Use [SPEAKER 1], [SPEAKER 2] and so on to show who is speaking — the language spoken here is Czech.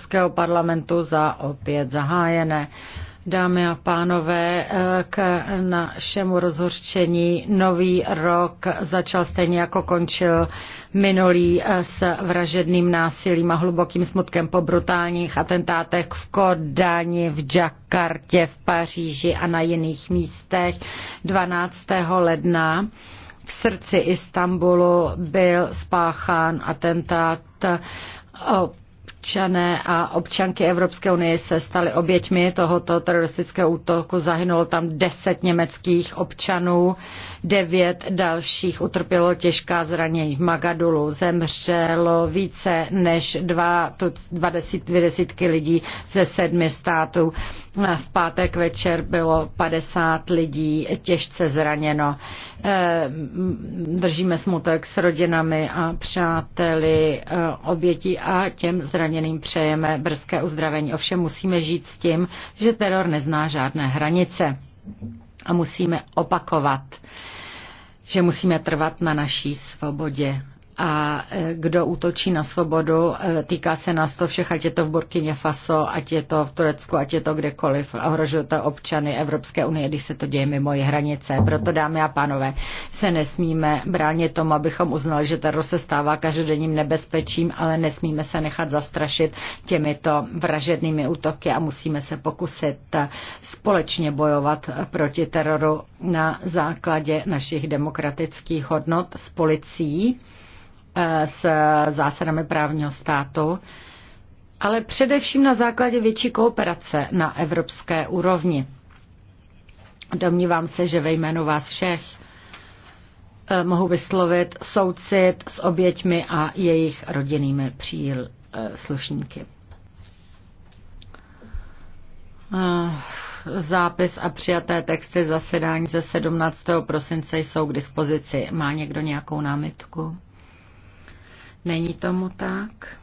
[SPEAKER 1] Evropského parlamentu za opět zahájené. Dámy a pánové, k našemu rozhorčení nový rok začal stejně jako končil minulý s vražedným násilím a hlubokým smutkem po brutálních atentátech v Kodani, v Jakartě, v Paříži a na jiných místech 12. ledna. V srdci Istanbulu byl spáchán atentát občané a občanky Evropské unie se staly oběťmi tohoto teroristického útoku. Zahynulo tam deset německých občanů, devět dalších utrpělo těžká zranění v Magadulu. Zemřelo více než dva, dva, deset, dvě desítky lidí ze sedmi států. V pátek večer bylo 50 lidí těžce zraněno. Eh, držíme smutek s rodinami a přáteli eh, obětí a těm zraněným zraněným přejeme brzké uzdravení. Ovšem musíme žít s tím, že teror nezná žádné hranice. A musíme opakovat, že musíme trvat na naší svobodě a e, kdo útočí na svobodu, e, týká se nás to všech, ať je to v Burkině Faso, ať je to v Turecku, ať je to kdekoliv. Ohrožuje to občany Evropské unie, když se to děje mimo je hranice. Proto, dámy a pánové, se nesmíme bránit tomu, abychom uznali, že teror se stává každodenním nebezpečím, ale nesmíme se nechat zastrašit těmito vražednými útoky a musíme se pokusit společně bojovat proti teroru na základě našich demokratických hodnot s policií, eh, s zásadami právního státu ale především na základě větší kooperace na evropské úrovni. Domnívám se, že ve jménu vás všech Eh, mohu vyslovit soucit s oběťmi a jejich rodinnými příl eh, slušníky. Eh, zápis a přijaté texty zasedání ze 17. prosince jsou k dispozici. Má někdo nějakou námitku? Není tomu tak.